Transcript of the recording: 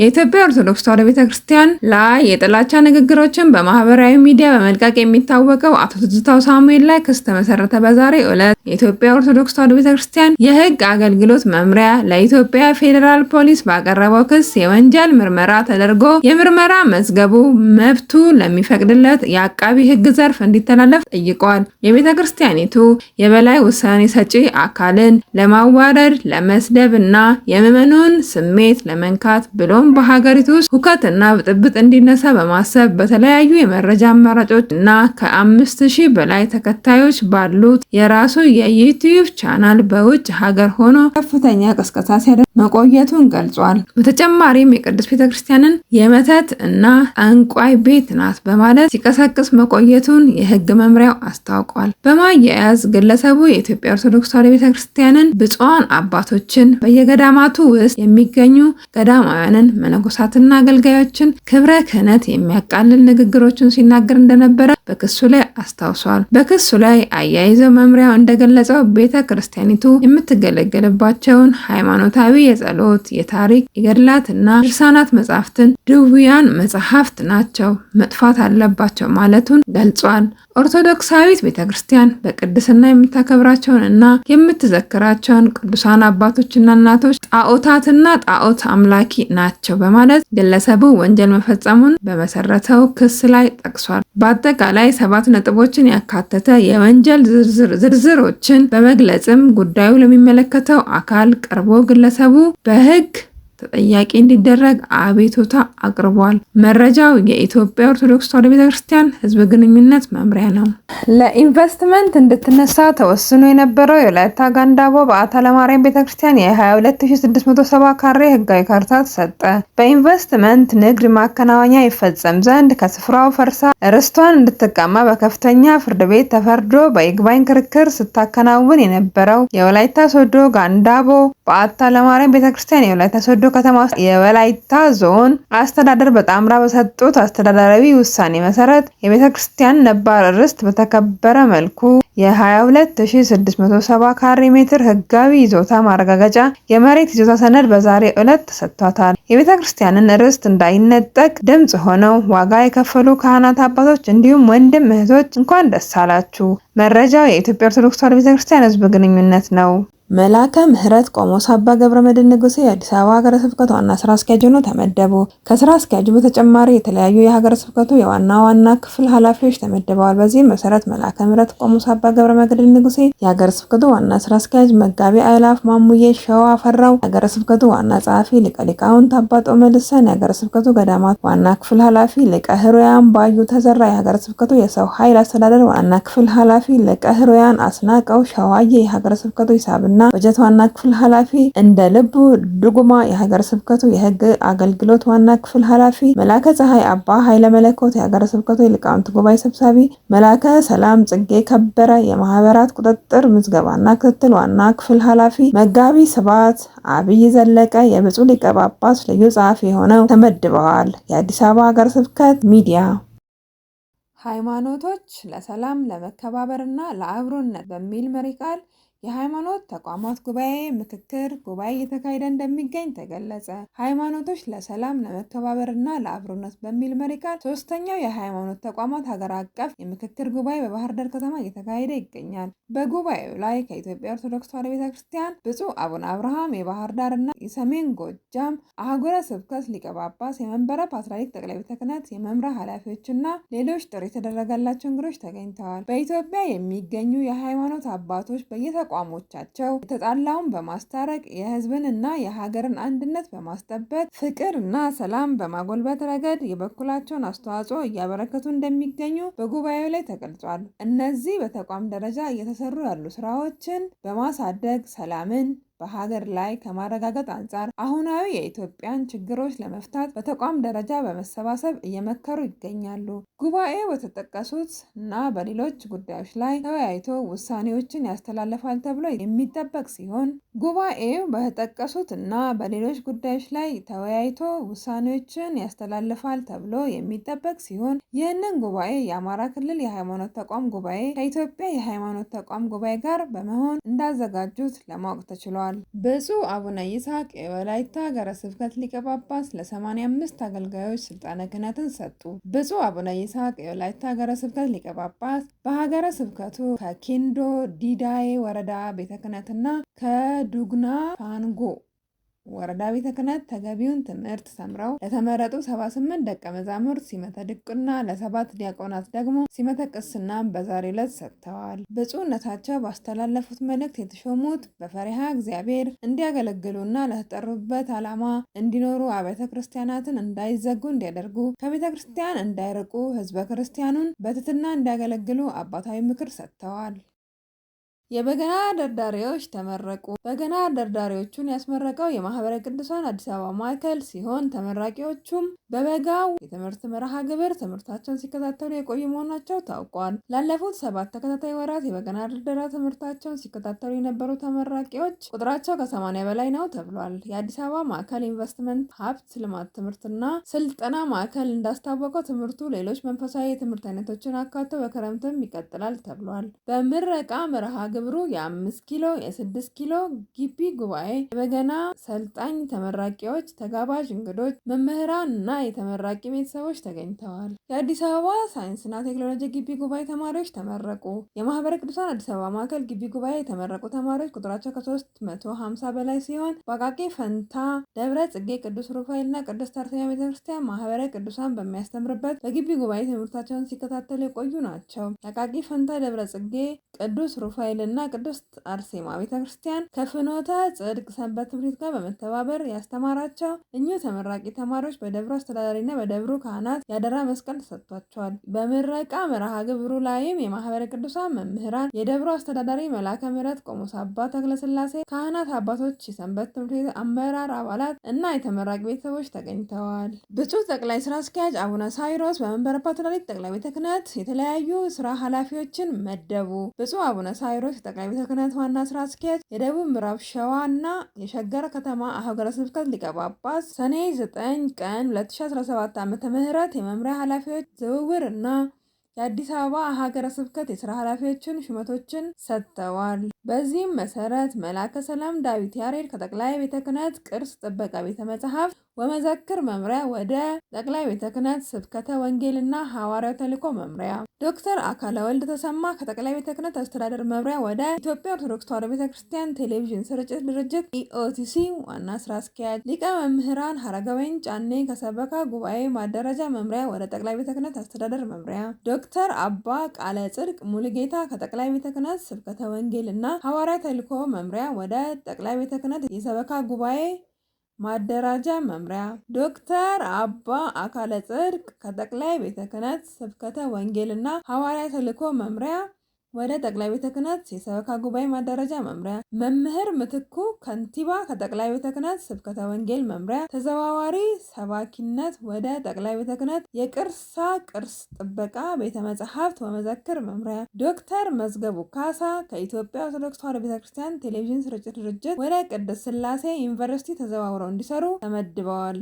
የኢትዮጵያ ኦርቶዶክስ ተዋሕዶ ቤተክርስቲያን ላይ የጥላቻ ንግግሮችን በማህበራዊ ሚዲያ በመልቀቅ የሚታወቀው አቶ ትዝታው ሳሙኤል ላይ ክስ ተመሰረተ። በዛሬ ዕለት የኢትዮጵያ ኦርቶዶክስ ተዋሕዶ ቤተክርስቲያን የህግ አገልግሎት መምሪያ ለኢትዮጵያ ፌዴራል ፖሊስ ባቀረበው ክስ የወንጀል ምርመራ ተደርጎ የምርመራ መዝገቡ መብቱ ለሚፈቅድለት የአቃቢ ህግ ዘርፍ እንዲተላለፍ ጠይቋል። የቤተክርስቲያኒቱ የበላይ ውሳኔ ሰጪ አካልን ለማዋረድ፣ ለመስደብ እና የምዕመኑን ስሜት ለመንካት ብሎም እንዲሁም በሀገሪቱ ውስጥ ሁከት እና ብጥብጥ እንዲነሳ በማሰብ በተለያዩ የመረጃ አማራጮች እና ከአምስት ሺህ በላይ ተከታዮች ባሉት የራሱ የዩቲዩብ ቻናል በውጭ ሀገር ሆኖ ከፍተኛ ቅስቀሳ ሲያደርግ መቆየቱን ገልጿል። በተጨማሪም የቅዱስ ቤተክርስቲያንን የመተት እና ጠንቋይ ቤት ናት በማለት ሲቀሰቅስ መቆየቱን የህግ መምሪያው አስታውቋል። በማያያዝ ግለሰቡ የኢትዮጵያ ኦርቶዶክስ ተዋሕዶ ቤተ ክርስቲያንን ብፁዓን አባቶችን በየገዳማቱ ውስጥ የሚገኙ ገዳማውያንን መነኮሳትና አገልጋዮችን ክብረ ክህነት የሚያቃልል ንግግሮችን ሲናገር እንደነበረ በክሱ ላይ አስታውሷል። በክሱ ላይ አያይዘው መምሪያው እንደገለጸው ቤተ ክርስቲያኒቱ የምትገለገልባቸውን ሃይማኖታዊ የጸሎት፣ የታሪክ፣ የገድላትና ድርሳናት መጻሕፍትን ድውያን መጽሐፍት ናቸው መጥፋት አለባቸው ማለቱን ገልጿል። ኦርቶዶክሳዊት ቤተ ክርስቲያን በቅድስና የምታከብራቸውን እና የምትዘክራቸውን ቅዱሳን አባቶችና እናቶች ጣዖታትና ጣዖት አምላኪ ናቸው በማለት ግለሰቡ ወንጀል መፈጸሙን በመሰረተው ክስ ላይ ጠቅሷል። በአጠቃላይ ላይ ሰባት ነጥቦችን ያካተተ የወንጀል ዝርዝሮችን በመግለጽም ጉዳዩ ለሚመለከተው አካል ቀርቦ ግለሰቡ በሕግ ተጠያቂ እንዲደረግ አቤቱታ አቅርቧል። መረጃው የኢትዮጵያ ኦርቶዶክስ ተዋሕዶ ቤተክርስቲያን ሕዝብ ግንኙነት መምሪያ ነው። ለኢንቨስትመንት እንድትነሳ ተወስኖ የነበረው የወላይታ ጋንዳቦ በአታ ለማርያም ቤተክርስቲያን የ22670 ካሬ ህጋዊ ካርታ ተሰጠ። በኢንቨስትመንት ንግድ ማከናወኛ ይፈጸም ዘንድ ከስፍራው ፈርሳ ርስቷን እንድትቀማ በከፍተኛ ፍርድ ቤት ተፈርዶ በይግባኝ ክርክር ስታከናውን የነበረው የወላይታ ሶዶ ጋንዳቦ በአታ ለማርያም ቤተክርስቲያን የወላይታ ሶዶ በወይዘዶ ከተማ ውስጥ የወላይታ ዞን አስተዳደር በጣምራ በሰጡት አስተዳደራዊ ውሳኔ መሰረት የቤተ ክርስቲያን ነባር ርስት በተከበረ መልኩ የ22670 ካሬ ሜትር ህጋዊ ይዞታ ማረጋገጫ የመሬት ይዞታ ሰነድ በዛሬ ዕለት ተሰጥቷታል። የቤተ ክርስቲያንን ርስት እንዳይነጠቅ ድምፅ ሆነው ዋጋ የከፈሉ ካህናት አባቶች፣ እንዲሁም ወንድም እህቶች እንኳን ደስ አላችሁ። መረጃው የኢትዮጵያ ኦርቶዶክስ ተዋሕዶ ቤተ ክርስቲያን ህዝብ ግንኙነት ነው። መላከ ምህረት ቆሞስ አባ ገብረ መድን ንጉሴ የአዲስ አበባ ሀገረ ስብከት ዋና ስራ አስኪያጅ ሆነው ተመደቡ። ከስራ አስኪያጁ በተጨማሪ የተለያዩ የሀገረ ስብከቱ የዋና ዋና ክፍል ኃላፊዎች ተመድበዋል። በዚህም መሰረት መላከ ምህረት ቆሞስ አባ ገብረ መድን ንጉሴ የሀገረ ስብከቱ ዋና ስራ አስኪያጅ፣ መጋቢ አይላፍ ማሙዬ ሸዋ አፈራው የሀገረ ስብከቱ ዋና ጸሐፊ፣ ሊቀ ሊቃውንት አባ ጦመ የሀገረ ስብከቱ ገዳማት ዋና ክፍል ኃላፊ፣ ሊቀ ሕሩያን ባዩ ተዘራ የሀገረ ስብከቱ የሰው ኃይል አስተዳደር ዋና ክፍል ኃላፊ፣ ሊቀ አስናቀው ሸዋዬ የሀገረ ስብከቱ ሂሳብና እና በጀት ዋና ክፍል ኃላፊ እንደ ልቡ ድጉማ፣ የሀገረ ስብከቱ የህግ አገልግሎት ዋና ክፍል ኃላፊ መላከ ፀሐይ አባ ኃይለ መለኮት፣ የሀገረ ስብከቱ የሊቃውንት ጉባኤ ሰብሳቢ መላከ ሰላም ጽጌ ከበረ፣ የማህበራት ቁጥጥር ምዝገባና ክትትል ዋና ክፍል ኃላፊ መጋቢ ስብሐት አብይ ዘለቀ፣ የብፁዕ ሊቀ ጳጳስ ልዩ ጸሐፊ ሆነው ተመድበዋል። የአዲስ አበባ ሀገረ ስብከት ሚዲያ ሃይማኖቶች ለሰላም ለመከባበርና ለአብሮነት በሚል መሪ ቃል የሃይማኖት ተቋማት ጉባኤ ምክክር ጉባኤ እየተካሄደ እንደሚገኝ ተገለጸ። ሃይማኖቶች ለሰላም ለመከባበርና ለአብሮነት በሚል መሪ ቃል ሶስተኛው የሃይማኖት ተቋማት ሀገር አቀፍ የምክክር ጉባኤ በባህር ዳር ከተማ እየተካሄደ ይገኛል። በጉባኤው ላይ ከኢትዮጵያ ኦርቶዶክስ ተዋሕዶ ቤተ ክርስቲያን ብፁዕ አቡነ አብርሃም የባህር ዳርና የሰሜን ጎጃም አህጉረ ስብከት ሊቀ ጳጳስ፣ የመንበረ ፓትርያርክ ጠቅላይ ቤተ ክህነት የመምራ ኃላፊዎችና ሌሎች ጥሪ የተደረገላቸው እንግዶች ተገኝተዋል። በኢትዮጵያ የሚገኙ የሃይማኖት አባቶች በየተ ተቋሞቻቸው የተጣላውን በማስታረቅ የህዝብንና የሀገርን አንድነት በማስጠበቅ ፍቅር እና ሰላም በማጎልበት ረገድ የበኩላቸውን አስተዋጽኦ እያበረከቱ እንደሚገኙ በጉባኤው ላይ ተገልጿል። እነዚህ በተቋም ደረጃ እየተሰሩ ያሉ ስራዎችን በማሳደግ ሰላምን በሀገር ላይ ከማረጋገጥ አንጻር አሁናዊ የኢትዮጵያን ችግሮች ለመፍታት በተቋም ደረጃ በመሰባሰብ እየመከሩ ይገኛሉ። ጉባኤ በተጠቀሱት እና በሌሎች ጉዳዮች ላይ ተወያይቶ ውሳኔዎችን ያስተላልፋል ተብሎ የሚጠበቅ ሲሆን ጉባኤው በተጠቀሱት እና በሌሎች ጉዳዮች ላይ ተወያይቶ ውሳኔዎችን ያስተላልፋል ተብሎ የሚጠበቅ ሲሆን ይህንን ጉባኤ የአማራ ክልል የሃይማኖት ተቋም ጉባኤ ከኢትዮጵያ የሃይማኖት ተቋም ጉባኤ ጋር በመሆን እንዳዘጋጁት ለማወቅ ተችሏል። ተናግረዋል። ብፁዕ አቡነ ይስሐቅ የወላይታ ሀገረ ስብከት ሊቀ ጳጳስ ለ85 አገልጋዮች ስልጣነ ክህነትን ሰጡ። ብፁዕ አቡነ ይስሐቅ የወላይታ ሀገረ ስብከት ሊቀ ጳጳስ በሀገረ ስብከቱ ከኪንዶ ዲዳዬ ወረዳ ቤተ ክህነትና ከዱግና ፋንጎ ወረዳ ቤተ ክህነት ተገቢውን ትምህርት ሰምረው ለተመረጡ 78 ደቀ መዛሙርት ሲመተ ድቁና ለሰባት ዲያቆናት ደግሞ ሲመተ ቅስና በዛሬ ዕለት ሰጥተዋል። ብፁዕነታቸው ባስተላለፉት መልእክት የተሾሙት በፈሪሃ እግዚአብሔር እንዲያገለግሉና ለተጠሩበት ዓላማ እንዲኖሩ አብያተ ክርስቲያናትን እንዳይዘጉ እንዲያደርጉ ከቤተ ክርስቲያን እንዳይርቁ ህዝበ ክርስቲያኑን በትትና እንዲያገለግሉ አባታዊ ምክር ሰጥተዋል። የበገና ደርዳሪዎች ተመረቁ። በገና ደርዳሪዎቹን ያስመረቀው የማህበረ ቅዱሳን አዲስ አበባ ማዕከል ሲሆን ተመራቂዎቹም በበጋው የትምህርት መርሃ ግብር ትምህርታቸውን ሲከታተሉ የቆዩ መሆናቸው ታውቋል። ላለፉት ሰባት ተከታታይ ወራት የበገና ድርደራ ትምህርታቸውን ሲከታተሉ የነበሩ ተመራቂዎች ቁጥራቸው ከሰማንያ በላይ ነው ተብሏል። የአዲስ አበባ ማዕከል ኢንቨስትመንት ሀብት ልማት ትምህርትና ስልጠና ማዕከል እንዳስታወቀው ትምህርቱ ሌሎች መንፈሳዊ የትምህርት አይነቶችን አካቶ በክረምትም ይቀጥላል ተብሏል። በምረቃ መርሃ ግብሩ የአምስት ኪሎ የስድስት ኪሎ ግቢ ጉባኤ የበገና ሰልጣኝ ተመራቂዎች፣ ተጋባዥ እንግዶች፣ መምህራን እና የተመራቂ ቤተሰቦች ተገኝተዋል። የአዲስ አበባ ሳይንስና ቴክኖሎጂ ግቢ ጉባኤ ተማሪዎች ተመረቁ። የማህበረ ቅዱሳን አዲስ አበባ ማዕከል ግቢ ጉባኤ የተመረቁ ተማሪዎች ቁጥራቸው ከ350 በላይ ሲሆን በአቃቂ ፈንታ ደብረ ጽጌ ቅዱስ ሩፋኤል እና ቅድስት አርሴማ ቤተክርስቲያን ማህበረ ቅዱሳን በሚያስተምርበት በግቢ ጉባኤ ትምህርታቸውን ሲከታተሉ የቆዩ ናቸው። የአቃቂ ፈንታ ደብረ ጽጌ ቅዱስ ሩፋኤል እና ቅድስት አርሴማ ቤተ ክርስቲያን ከፍኖተ ጽድቅ ሰንበት ትምህርት ጋር በመተባበር ያስተማራቸው እኚሁ ተመራቂ ተማሪዎች በደብሩ አስተዳዳሪና በደብሩ ካህናት ያደራ መስቀል ተሰጥቷቸዋል። በምረቃ መርሃ ግብሩ ላይም የማህበረ ቅዱሳን መምህራን፣ የደብሩ አስተዳዳሪ መላከ ምሕረት ቆሞስ አባ ተክለስላሴ፣ ካህናት አባቶች፣ የሰንበት ትምህርት ቤት አመራር አባላት እና የተመራቂ ቤተሰቦች ተገኝተዋል። ብፁዕ ጠቅላይ ስራ አስኪያጅ አቡነ ሳይሮስ በመንበረ ፓትርያርክ ጠቅላይ ቤተ ክህነት የተለያዩ ስራ ኃላፊዎችን መደቡ። ብፁዕ አቡነ ሳይሮስ ጠቅላይ ቤተ ክህነት ዋና ስራ አስኪያጅ፣ የደቡብ ምዕራብ ሸዋ እና የሸገር ከተማ ሀገረ ስብከት ሊቀ ጳጳስ፣ ሰኔ 9 ቀን 2017 ም የመምሪያ ኃላፊዎች ዝውውር እና የአዲስ አበባ ሀገረ ስብከት የስራ ኃላፊዎችን ሹመቶችን ሰጥተዋል። በዚህም መሰረት መላከ ሰላም ዳዊት ያሬድ ከጠቅላይ ቤተ ክህነት ቅርስ ጥበቃ ቤተ መጽሐፍት ወመዘክር መምሪያ ወደ ጠቅላይ ቤተ ክህነት ስብከተ ወንጌልና ሐዋርያዊ ተልእኮ መምሪያ፣ ዶክተር አካለ ወልድ ተሰማ ከጠቅላይ ቤተ ክህነት አስተዳደር መምሪያ ወደ ኢትዮጵያ ኦርቶዶክስ ተዋሕዶ ቤተ ክርስቲያን ቴሌቪዥን ስርጭት ድርጅት ኢኦቲሲ ዋና ስራ አስኪያጅ፣ ሊቀ መምህራን ሀረገወይን ጫኔ ከሰበካ ጉባኤ ማደረጃ መምሪያ ወደ ጠቅላይ ቤተ ክህነት አስተዳደር መምሪያ ዶክተር አባ ቃለ ጽድቅ ሙሉጌታ ከጠቅላይ ቤተ ክህነት ስብከተ ወንጌል እና ሐዋርያዊ ተልእኮ መምሪያ ወደ ጠቅላይ ቤተ ክህነት የሰበካ ጉባኤ ማደራጃ መምሪያ፣ ዶክተር አባ አካለ ጽድቅ ከጠቅላይ ቤተ ክህነት ስብከተ ወንጌልና ሐዋርያዊ ተልእኮ መምሪያ ወደ ጠቅላይ ቤተ ክህነት የሰበካ ጉባኤ ማደራጃ መምሪያ፣ መምህር ምትኩ ከንቲባ ከጠቅላይ ቤተ ክህነት ስብከተ ወንጌል መምሪያ ተዘዋዋሪ ሰባኪነት ወደ ጠቅላይ ቤተ ክህነት የቅርሳ ቅርስ ጥበቃ ቤተ መጻሕፍት ወመዘክር መምሪያ፣ ዶክተር መዝገቡ ካሳ ከኢትዮጵያ ኦርቶዶክስ ተዋሕዶ ቤተ ክርስቲያን ቴሌቪዥን ስርጭት ድርጅት ወደ ቅድስት ሥላሴ ዩኒቨርሲቲ ተዘዋውረው እንዲሰሩ ተመድበዋል።